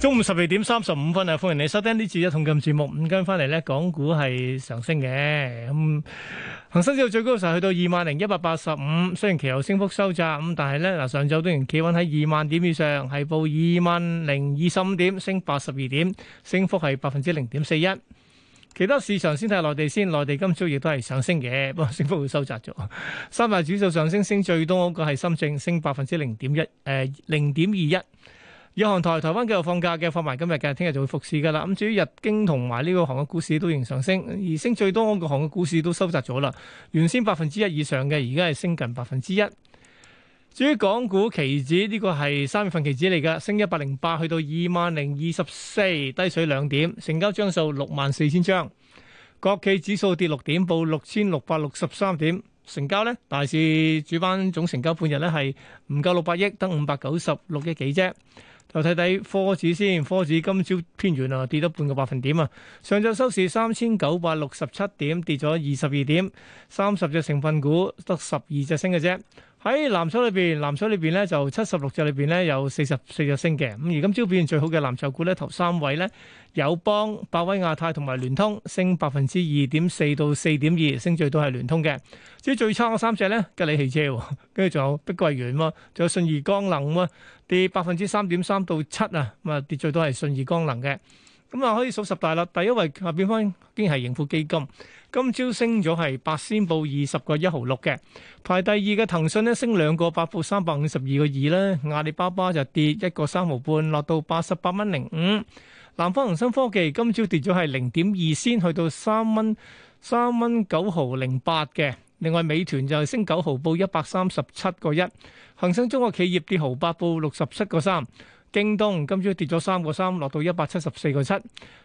中午十二點三十五分啊，歡迎你收聽呢次一,一同鑑節目。午間返嚟呢，港股係上升嘅，咁、嗯、恆生指數最高嘅時候去到二萬零一百八十五，雖然期後升幅收窄，咁但係呢嗱，上晝都仍企穩喺二萬點以上，係報二萬零二十五點，升八十二點，升幅係百分之零點四一。其他市場先睇內地先，內地今朝亦都係上升嘅，不過升幅會收窄咗。三大指數上升，升最多嘅係深證，升百分之零點一，誒零點二一。日韓台台灣繼續放假嘅，放埋今日嘅，聽日就會復市噶啦。咁至於日經同埋呢個韓國股市都仍上升，而升最多嗰個韓國股市都收窄咗啦。原先百分之一以上嘅，而家係升近百分之一。至於港股期指呢個係三月份期指嚟噶，升一百零八去到二萬零二十四，低水兩點，成交張數六萬四千張。國企指數跌六點，報六千六百六十三點。成交咧，大市主板總成交半日咧係唔夠六百億，得五百九十六億幾啫。就睇睇科指先，科指今朝偏軟啊，跌多半個百分點啊。上晝收市三千九百六十七點，跌咗二十二點，三十隻成分股得十二隻升嘅啫。喺藍籌裏邊，藍籌裏邊咧就七十六隻裏邊咧有四十四隻升嘅。咁而今朝表現最好嘅藍籌股咧，頭三位咧，友邦、百威亞太同埋聯通，升百分之二點四到四點二，升最多係聯通嘅。至於最差嗰三隻咧，吉利汽車，跟住仲有碧桂園喎，仲有信義光能喎，跌百分之三點三到七啊，咁啊跌最多係信義光能嘅。咁啊、嗯，可以數十大啦。第一位下變翻已經係盈富基金，今朝升咗係八仙報二十個一毫六嘅。排第二嘅騰訊咧，升兩個八報三百五十二個二啦。阿里巴巴就跌一個三毫半，落到八十八蚊零五。南方恒生科技今朝跌咗係零點二仙，去到三蚊三蚊九毫零八嘅。另外，美團就升九毫報一百三十七個一。恒生中國企業跌毫八報六十七個三。京東今朝跌咗三個三，落到一百七十四個七。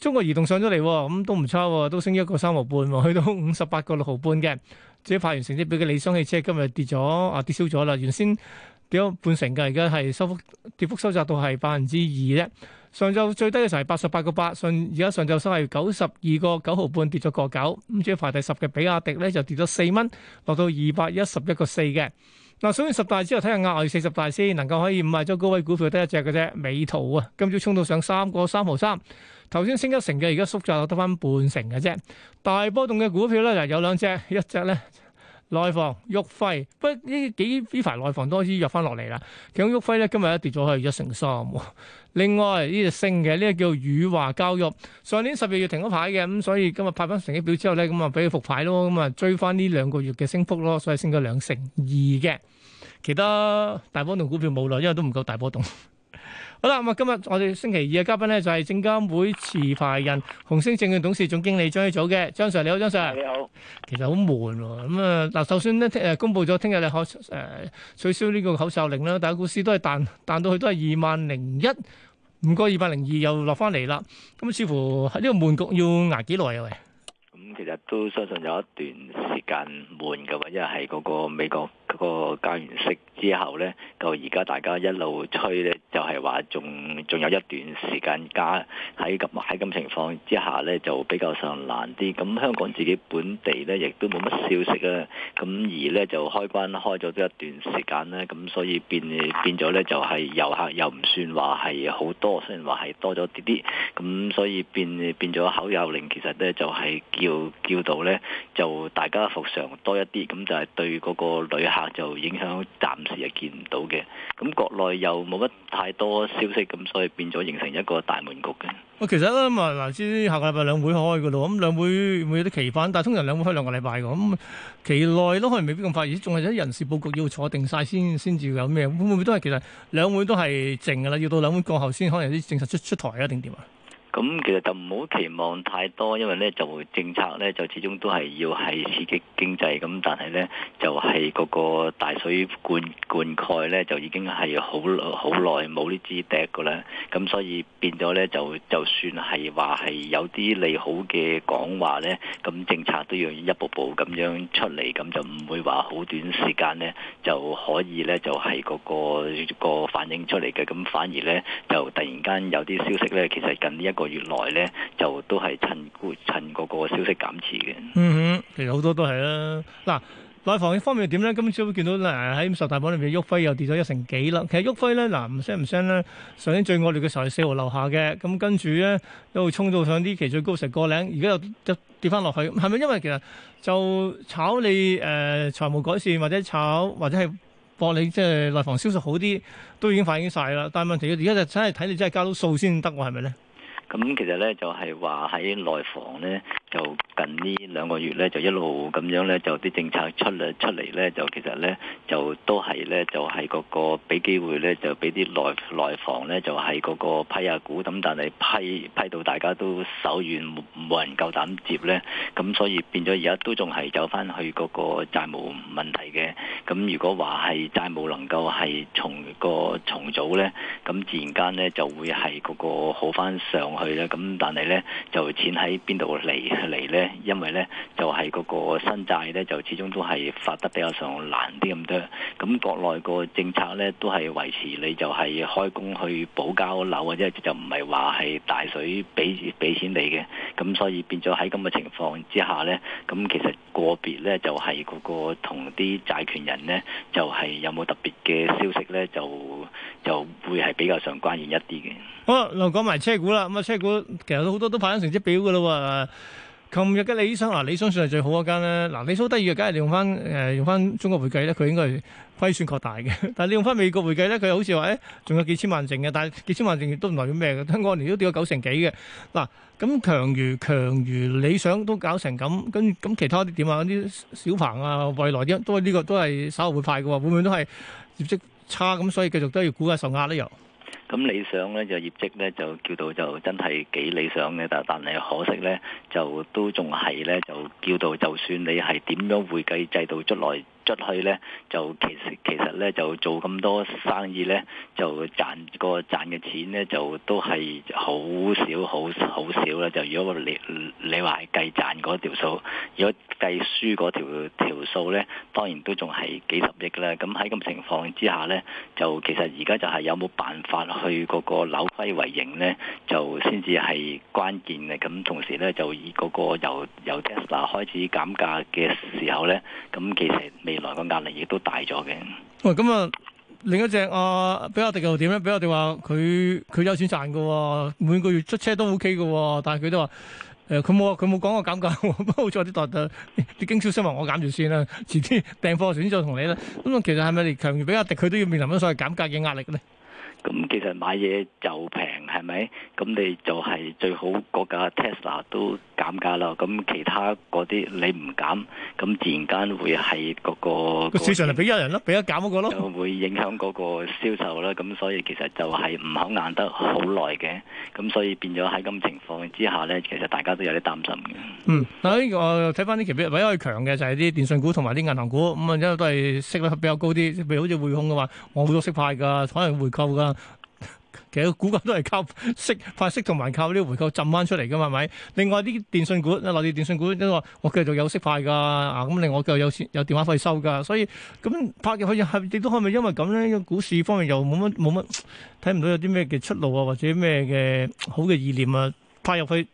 中國移動上咗嚟，咁都唔差，都升一個三毫半，去到五十八個六毫半嘅。至於派完成績表嘅理想汽車，今日跌咗，啊跌少咗啦。原先跌咗半成嘅，而家係收幅跌幅收窄到係百分之二咧。上晝最低嘅時候係八十八個八，上而家上晝收係九十二個九毫半，跌咗個九。咁至於排第十嘅比亞迪咧，就跌咗四蚊，落到二百一十一個四嘅。嗱，數完十大之後睇下額外四十大先，能夠可以賣咗高位股票得一隻嘅啫，美圖啊，今朝衝到上三個三毫三，頭先升一成嘅，而家縮窄得翻半成嘅啫。大波動嘅股票咧，有兩隻，一隻咧。內房旭輝，不過呢幾呢排內房都開始弱翻落嚟啦，其中旭輝咧今日咧跌咗去一成三。另外呢就升嘅呢個叫宇華教育，上年十二月停咗牌嘅咁，所以今日派翻成績表之後咧咁啊俾佢復牌咯，咁啊追翻呢兩個月嘅升幅咯，所以升咗兩成二嘅。其他大波動股票冇啦，因為都唔夠大波動。好啦，咁啊，今日我哋星期二嘅嘉賓咧，就係證監會持牌人、紅星證券董事總經理張益祖嘅張 Sir，你好，張 Sir。你好。其實好悶喎，咁啊，嗱，首先呢，誒，公布咗聽日咧可誒取消呢個口罩令咧，大家股市都係彈彈到去都係二萬零一，唔過二萬零二又落翻嚟啦。咁似乎喺呢個悶局要挨幾耐啊？喂，咁其實都相信有一段時間悶嘅，因為係嗰個美國嗰個加完息之後咧，就而家大家一路吹咧。就係話仲仲有一段時間加，喺咁喺咁情況之下呢，就比較上難啲。咁香港自己本地呢，亦都冇乜消息啊。咁而呢，就開關開咗都一段時間呢，咁所以變變咗呢，就係遊客又唔算話係好多，雖然話係多咗啲啲。咁所以變變咗口有齡，其實呢，就係、是、叫叫到呢，就大家復常多一啲。咁就係對嗰個旅客就影響暫時係見唔到嘅。咁國內又冇乜。太多消息咁，所以變咗形成一個大悶局嘅。我其實咧，啊、嗯、嗱，先下個禮拜兩會開噶咯，咁兩會會有啲期盼，但係通常兩會開兩個禮拜喎，咁、嗯、期內都可能未必咁快，而仲係一啲人事佈局要坐定晒先先至有咩，會唔會都係其實兩會都係靜噶啦，要到兩會過後先可能啲政策出出台啊定點啊？咁其實就唔好期望太多，因為咧就政策咧就始終都係要係刺激經濟，咁但係咧就係、是、嗰個大水灌灌溉咧就已經係好好耐冇呢支笛㗎喇，咁所以變咗咧就就算係話係有啲利好嘅講話咧，咁政策都要一步步咁樣出嚟，咁就唔會話好短時間咧就可以咧就係、是、嗰、那個反映出嚟嘅，咁反而咧就突然間有啲消息咧，其實近呢、這、一個。原來咧，就都係趁估趁嗰個消息減持嘅。嗯哼，其實好多都係啦。嗱，內房方面點咧？今朝見到咧，喺十大榜裏面，旭輝又跌咗一成幾啦。其實旭輝咧，嗱唔升唔升咧？上天最惡劣嘅時候係四號樓下嘅，咁、嗯、跟住咧都衝到上啲期最高成個零，而家又又跌翻落去，係咪因為其實就炒你誒、呃、財務改善，或者炒或者係博你即係內房銷售好啲，都已經反映晒啦。但係問題，而家就真係睇你真係交到數先得喎，係咪咧？咁，嗯，其實咧，就係話喺內房咧。就近呢兩個月咧，就一路咁樣咧，就啲政策出嚟出嚟咧，就其實咧就都係咧就係嗰個俾機會咧，就俾啲內內房咧就係嗰個批下股，咁但係批批到大家都手軟，冇人夠膽接咧，咁所以變咗而家都仲係走翻去嗰個債務問題嘅。咁如果話係債務能夠係重個重組咧，咁自然間咧就會係嗰個好翻上去咧。咁但係咧就錢喺邊度嚟？嚟呢，因為呢，就係嗰個新債呢，就始終都係發得比較上難啲咁多。咁國內個政策呢，都係維持，你就係開工去補交樓啊，即係就唔係話係大水俾俾錢你嘅。咁所以變咗喺咁嘅情況之下呢，咁其實個別呢，就係、是、嗰個同啲債權人呢，就係、是、有冇特別嘅消息呢，就就會係比較上關鍵一啲嘅。好，又講埋車股啦。咁啊，車股其實好多都派緊成績表噶啦、啊。琴日嘅理想嗱，理想算係最好一間咧。嗱，理想第二嘅，梗係用翻誒、呃、用翻中國會計咧，佢應該係虧損擴大嘅。但係你用翻美國會計咧，佢又好似話誒，仲有幾千萬剩嘅，但係幾千萬剩亦都唔代表咩嘅。香港年都跌咗九成幾嘅。嗱、啊，咁強如強如理想都搞成咁，跟咁其他啲點啊？啲小鵬啊，蔚來啲都係呢、這個都係稍後會快嘅喎，會唔會都係業績差咁？所以繼續都要估下受壓咧又。咁理想咧就業績咧就叫到就真係幾理想嘅，但但係可惜咧就都仲係咧就叫到，就算你係點樣會計制度出來。出去呢，就其實其實呢，就做咁多生意呢，就賺個賺嘅錢呢，就都係好少好好少啦。就如果你你話計賺嗰條數，如果計輸嗰條條數呢，當然都仲係幾十億啦。咁喺咁情況之下呢，就其實而家就係有冇辦法去嗰個扭虧為盈呢？就先至係關鍵嘅。咁同時呢，就以嗰個由由 Tesla 開始減價嘅時候呢，咁其實未。原來個壓力亦都大咗嘅。喂，咁啊，另一隻、呃、阿比亞迪又點咧？比亞迪話佢佢有錢賺噶，每個月出車都 OK 噶，但係佢都話，誒、呃，佢冇佢冇講過減價。不過好在啲代代啲經銷商話我減住先啦，遲啲訂貨選就同你啦。咁、嗯、啊，其實係咪強如比亞迪，佢都要面臨咗所謂減價嘅壓力咧？咁其實買嘢就平，係咪？咁你就係最好個架 Tesla 都減價啦。咁其他嗰啲你唔減，咁自然間會係嗰個個市場係俾一人咯，俾一減嗰個咯，就會影響嗰個銷售啦。咁所以其實就係唔肯硬得好耐嘅。咁所以變咗喺咁情況之下咧，其實大家都有啲擔心嘅。嗯，嗱，我睇翻啲股票，唯一可以強嘅就係啲電信股同埋啲銀行股。咁啊，因為都係息率比較高啲，譬如好似匯控嘅話，好多息派㗎，可能回購㗎。其實股價都係靠息派息，同埋靠呢啲回購浸翻出嚟噶嘛？係咪？另外啲電信股、內、啊、地電信股，因為我繼續有息派噶，啊咁，另外我繼續有有電話費收噶，所以咁拍入去係亦都係咪因為咁咧？股市方面又冇乜冇乜睇唔到有啲咩嘅出路啊，或者咩嘅好嘅意念啊？拍入去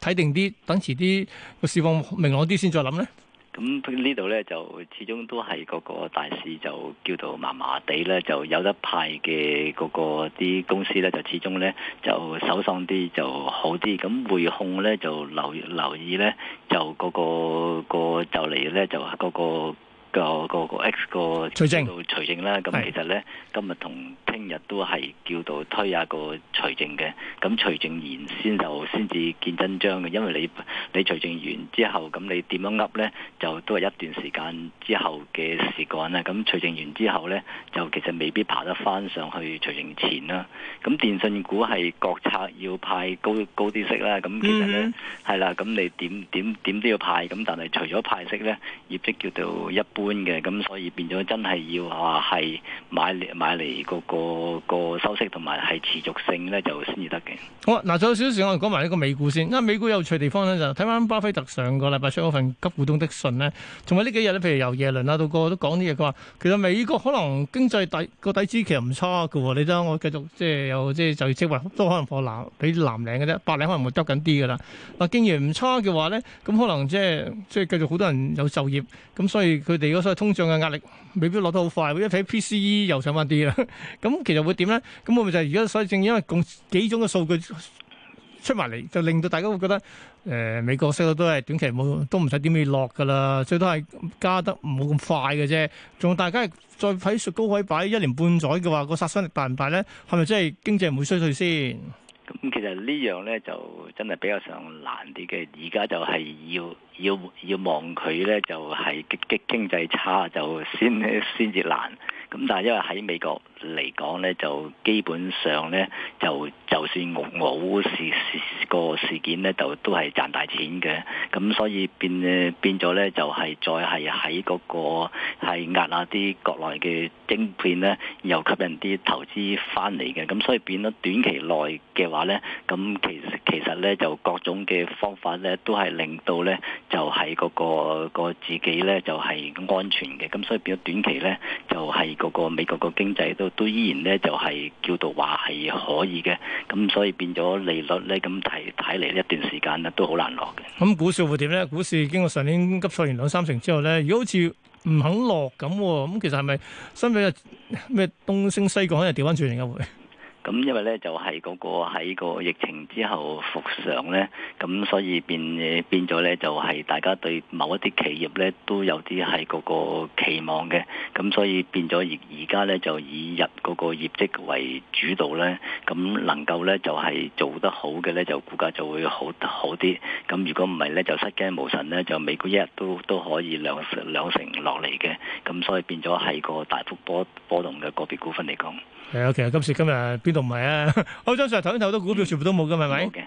睇定啲，等遲啲個市況明朗啲先再諗咧。咁、嗯、呢度咧就始終都係嗰個大市就叫做麻麻地咧，就有得派嘅嗰個啲公司咧就始終咧就手喪啲就好啲，咁匯控咧就留留意咧就嗰、嗰個就嚟咧就嗰個、嗰個、嗰個、嗰個 X、嗰個、嗰個嗰個嗰個嗰個、徐正啦，咁、嗰個、其實咧是今日同。聽日都係叫做推下個財政嘅，咁財政完先就先至見真章嘅。因為你你財政完之後，咁你點樣噏呢，就都係一段時間之後嘅事幹啦。咁財政完之後呢，就其實未必爬得返上去財政前啦。咁電信股係國策要派高高啲息啦，咁其實呢，係、mm hmm. 啦，咁你點點點都要派，咁但係除咗派息呢，業績叫做一般嘅，咁所以變咗真係要話係買嚟買嚟個個個個收息同埋係持續性咧，就先至得嘅。好啊，嗱，仲有少少我哋講埋呢個美股先。因為美股有趣地方咧，就睇、是、翻巴菲特上個禮拜出嗰份急股東的信咧，同埋呢幾日咧，譬如由耶倫啊，到個都講啲嘢。佢話其實美國可能經濟底個底子其實唔差嘅、哦。你睇我繼續即係有即係就職位都可能放藍比藍領嘅啫，白領可能會多緊啲嘅啦。嗱，既然唔差嘅話咧，咁可能即係即係繼續好多人有就業，咁所以佢哋嗰個通脹嘅壓力未必落得好快。一睇 PCE 又上翻啲啦。 咁其實會點咧？咁我咪就係而家，所以正因為共幾種嘅數據出埋嚟，就令到大家會覺得，誒、呃、美國息率都係短期冇，都唔使點去落噶啦，最多係加得冇咁快嘅啫。仲大家再喺雪高位擺一年半載嘅話，個殺傷力大唔大咧？係咪真係經濟唔會衰退先？咁其實樣呢樣咧就真係比較上難啲嘅。而家就係要要要望佢咧，就係經經經濟差就先先至難。咁但係因為喺美國嚟講咧，就基本上咧，就就算俄烏事事個事件咧，就都係賺大錢嘅。咁所以變變咗咧、那個，就係再係喺嗰個係壓下啲國內嘅晶片咧，又吸引啲投資翻嚟嘅。咁所以變咗短期內嘅話咧，咁其實其實咧就各種嘅方法咧，都係令到咧就係嗰、那個自己咧就係、是、安全嘅。咁所以變咗短期咧就係、是。嗰個美國個經濟都都依然咧，就係、是、叫做話係可以嘅，咁所以變咗利率咧，咁睇睇嚟一段時間咧都好難落嘅。咁股市會點咧？股市經過上年急挫完兩三成之後咧，而家好似唔肯落咁、啊，咁其實係咪身尾咩東升西降，又調翻轉嚟一回？咁因為咧就係嗰個喺個疫情之後復常咧，咁所以變誒變咗咧就係大家對某一啲企業咧都有啲係嗰個期望嘅，咁所以變咗而而家咧就以日嗰個業績為主導咧，咁能夠咧就係做得好嘅咧就股價就會好好啲，咁如果唔係咧就失驚無神咧就每股一日都都可以兩兩成落嚟嘅，咁所以變咗係個大幅波波動嘅個別股份嚟講。係啊，yeah, okay，其實今時今日。都唔係啊！好，張 Sir 頭先投多股票，全部都冇嘅，係咪？好嘅，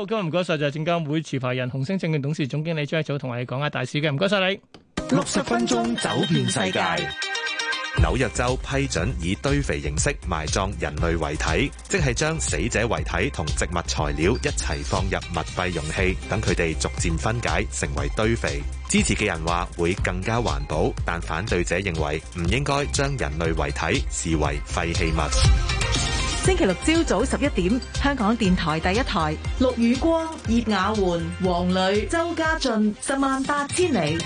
好，今日唔該晒就係證監會持牌人、紅星證券董事總經理張益祖同我哋講下大市嘅，唔該晒你。六十分鐘走遍世界。紐約州批准以堆肥形式埋葬人類遺體，即係將死者遺體同植物材料一齊放入密閉容器，等佢哋逐漸分解成為堆肥。支持嘅人話會更加環保，但反對者認為唔應該將人類遺體視為廢棄物。星期六朝早十一點，香港電台第一台，陸宇光、葉雅媛、黃磊、周家俊，十萬八千里。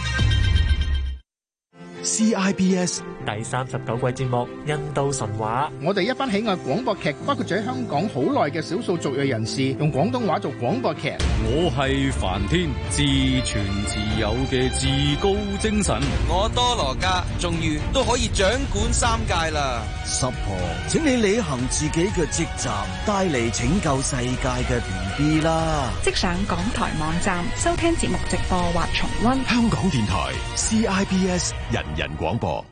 CIBS。第三十九季節目《印度神話》，我哋一班喜愛廣播劇，包括咗香港好耐嘅少數族裔人士，用廣東話做廣播劇。我係梵天，自存自有嘅至高精神。我多羅家，終於都可以掌管三界啦。濕婆，請你履行自己嘅職責，帶嚟拯救世界嘅 B B 啦。即上港台網站收聽節目直播或重溫，香港電台 C I B S 人人廣播。